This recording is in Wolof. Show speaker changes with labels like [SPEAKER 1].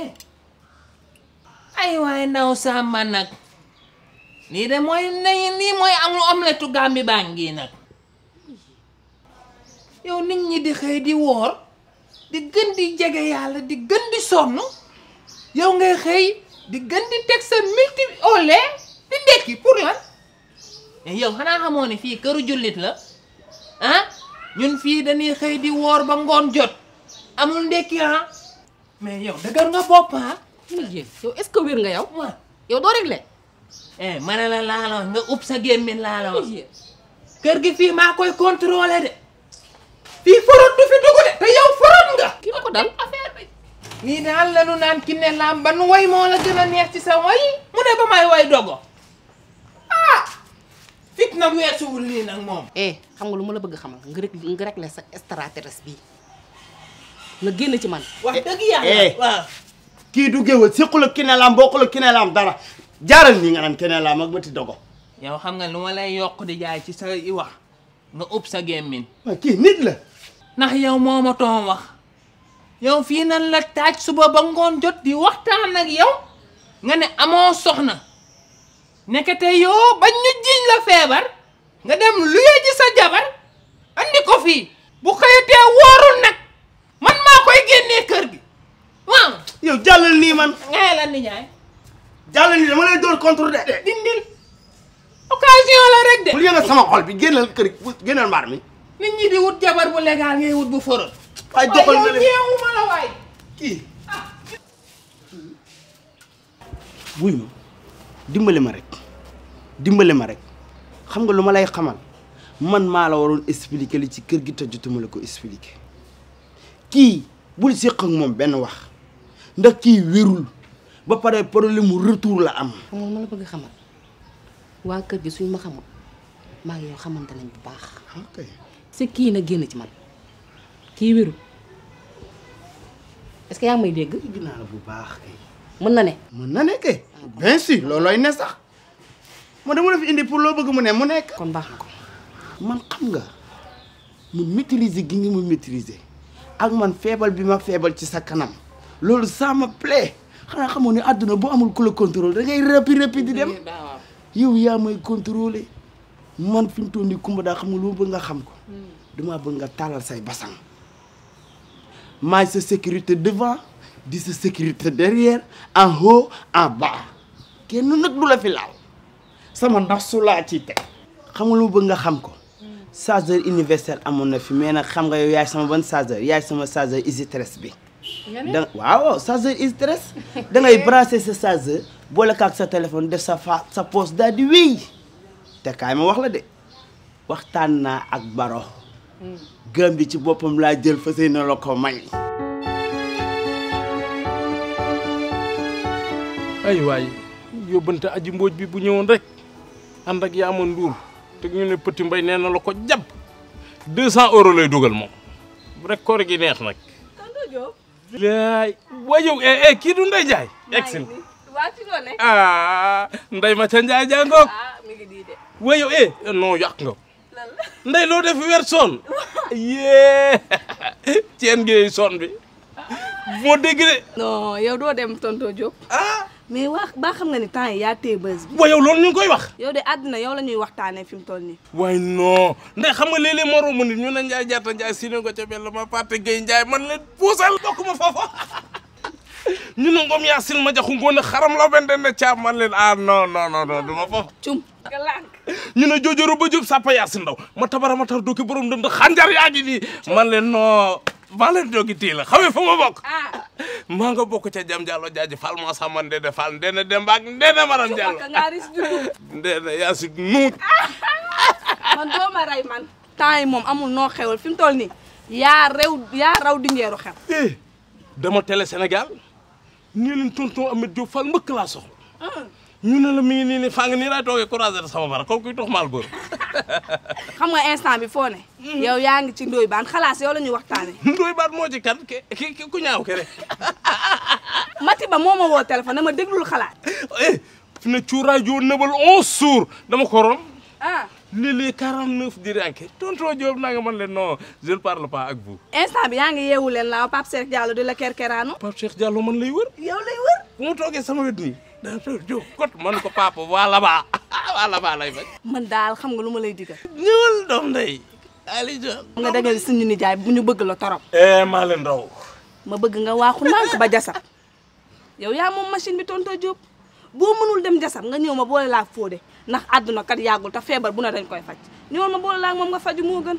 [SPEAKER 1] eh ay waaye ndaw saa nag lii de mooy lii mooy amul omeletu Gàmbi baa ngi nag yow nit ñi di xëy di woor di gën di jege yàlla di gën di sonn yow ngay xëy di gën di teg sa multi au di ndekki pour lan eh, yow xanaa xamoo ne fii këru jullit la ah ñun fii dañuy xëy di woor ba ngoon jot amul ndekki ah mais yow deugar nga bopp ah. yow est ce que wér nga yow. yow doo réglé. eh ma ne la laaloon nga ub sa gémmiñ laaloon. keur gi fi maa koy contrôlé de. fi foron du fi dugou de te yow foron nga. ki ko dal affaire bi. ni dal la nu nan ki ne laam ban way mo la gëna neex ci sa way mu ne ba may way dogo ah fit na weesuwul lii nag moom. eh xam nga lu ma la bëgg xamal nga rek nga rek la sa extraterrestre bi na génn ci man. wax dëgg yàlla waaw.
[SPEAKER 2] ki du géwal sequl ak bokkul ak dara jaaral nii nga naan kineelaam ak
[SPEAKER 1] bëti dogo. yow ya, xam nga lu ma lay yokk di jaay ci sa i wax nga ub sa gemmin waaw ki nit la. ndax yow moo to wax yow fii nan la taaj suba ba ngoon jot di waxtaan ak yow nga ne amoo soxna nekkete yoo bañ ñu jiñ la feebar nga dem luye ji sa jabar andi ko fii bu xëyatee wóorul génnee kër gi waaw.
[SPEAKER 2] yow jàllal ni man. ngay lan ni ñaay. jàllal nii dama lay door contre de. dindil
[SPEAKER 1] occasion la rek de. bul yëngal sama
[SPEAKER 2] xol bi génnal kër gi génnal mbaar mi.
[SPEAKER 1] nit ñi di wut jabar bu légal ngay wut bu foral. waaye doxal na leen waaye yow jeexuma la waay. kii. Ah.
[SPEAKER 2] wuy ma dimbale ma rek dimbale ma rek xam nga lu ma lay xamal man maa la expliquer li ci kër gi te jotuma expliquer kii. bul séq ak moom benn wax ndax kii wérul ba pare problème mu retour la am. xam nga ma la bëgg xamal
[SPEAKER 1] gi suñ ma xamul maa xamante nañ bu baax. Ah, ok si kii génn ci man kii wérul est que yaa may dégg. dégg
[SPEAKER 2] bu baax mën na ne. mën na ne kay. bien sûr sax ma dama la fi indi pour loo bëgg mu ne mu nekk. kon baax man xam nga mu maîtriser gi nga mu maîtriser. ak man feebal bi ma feebal ci sa kanam loolu ça me plaît xanaa xamoon ne àdduna boo amul ku la contrôle da ngay rëppi rëppi di dem mm, yow yaa may contrôler man fi mu toll nii kumba daa xam nga lu ma nga xam ko mm. dama bëgg nga taalal say basan maay sa sécurité devant di sa sécurité derrière en haut en bas kenn nag du la fi laal sama ndax solaat ci teg xam nga lu ma bëgg nga xam ko chargeur universel amoon na fi mais nag xam nga yow yaay sama ban chargeur yaay sama chargeur EasyTress bi. da waaw chargeur EasyTress da ngay sa chargeur boole kaak sa téléphone def sa fa sa poos daal di wéy te kaay ma wax la de waxtaan naa ak Baro. Hmm. gëm bi ci boppam laa jël fas yéene la ko may.
[SPEAKER 3] ay waay yóbbante aji bi bu ñëwoon rek ànd ak yaa amoon luur te ñu ne Petit Mbay nee na la ko jàpp 200 lay dugal mo rek koor gi neex nag. laay waa yow eh, eh kii du Ndeye Ndiaye. excellent waa ci doon ne. ah Ndeye Matia Ndiaye jàngoog. ah eh, loo def weer yee ceen ngeen sonn bi ah.
[SPEAKER 4] moo dégg de. non doo dem tonton Diop. Ah. mais wax ba xam nga ni temps yi yaa téye bi. waaw yow loolu ñu ngi koy wax. yow de àddina yow la ñuy waxtaanee fi mu toll nii.
[SPEAKER 3] waaye non ndax xam nga léeg-léeg ma romb nit ñu ne Ndiaye jaata Ndiaye si ne ko ca benn ma Pate Gueye Ndiaye man leen puusal bokk ma foofa ñu ne Ngom Yacine ma jaxu ngoon xaram la benn ne caab man leen ah non non non non duma cum galank ñu ne joojooro ba jub sàppa Yacine ndaw ma tabara ma tar dooki borom dënd xanjar yaa ngi nii. man leen non maa leen joogi téye la xamee fa ma bokk. Ah, maa nga bokk ca jam jallo jaaji fal moo sama ndede fal ndene dembaak ndene maram jàllo ndene yaa si nuut
[SPEAKER 4] ma rey man temps yi moom amul noo xewal fi mu nii yaa rew yaa raw di ngeeru xew
[SPEAKER 3] eh, dama télé Sénégal nii leen tonton Ameth Diop Fall mbëkk laa soxla ah. ñu ne la mi ngi nii nii fàng nii sama bara comme kuy tox maal góor.
[SPEAKER 4] xam nga instant bi foo ne. Hmm. yaa ngi ci Ndoye Bane xalaas yow la ñuy waxtaanee. Ndoye moo ci kan ki ki ku ñaaw ke Mati ba moo ma woo téléphone dama déglul xalaat. eh fi ne cuuraay joo nëbal onze
[SPEAKER 3] jours dama ko ron. ah léeg-léeg 49 di rànke tonton man leen non je ne parle
[SPEAKER 4] instant bi yaa ngi yeewu leen laaw Pape Cheikh Diallo di la kerkeraanu. Pape Cheikh Diallo man lay wër. yow lay wër. sama wet danseur
[SPEAKER 3] Diop kot man ko papa waa Laba waa Laba lay bañ.
[SPEAKER 4] man daal xam nga lu ma lay digal.
[SPEAKER 3] ñëwal doom ndey
[SPEAKER 4] Aliou Diop. nga dagal suñu nijaay bu ñu bëgg la torop.
[SPEAKER 3] Eh, maa leen raw.
[SPEAKER 4] ma bëgg nga waaxu nànk ba jasab yow yaa moom machine bi tonto Diop boo mënul dem jasab nga ñëw ma boole laa fóode ndax àdduna kat yàggul te feebar bu na dañ koy faj ñëwal ma boole laa moom nga faju moo gën.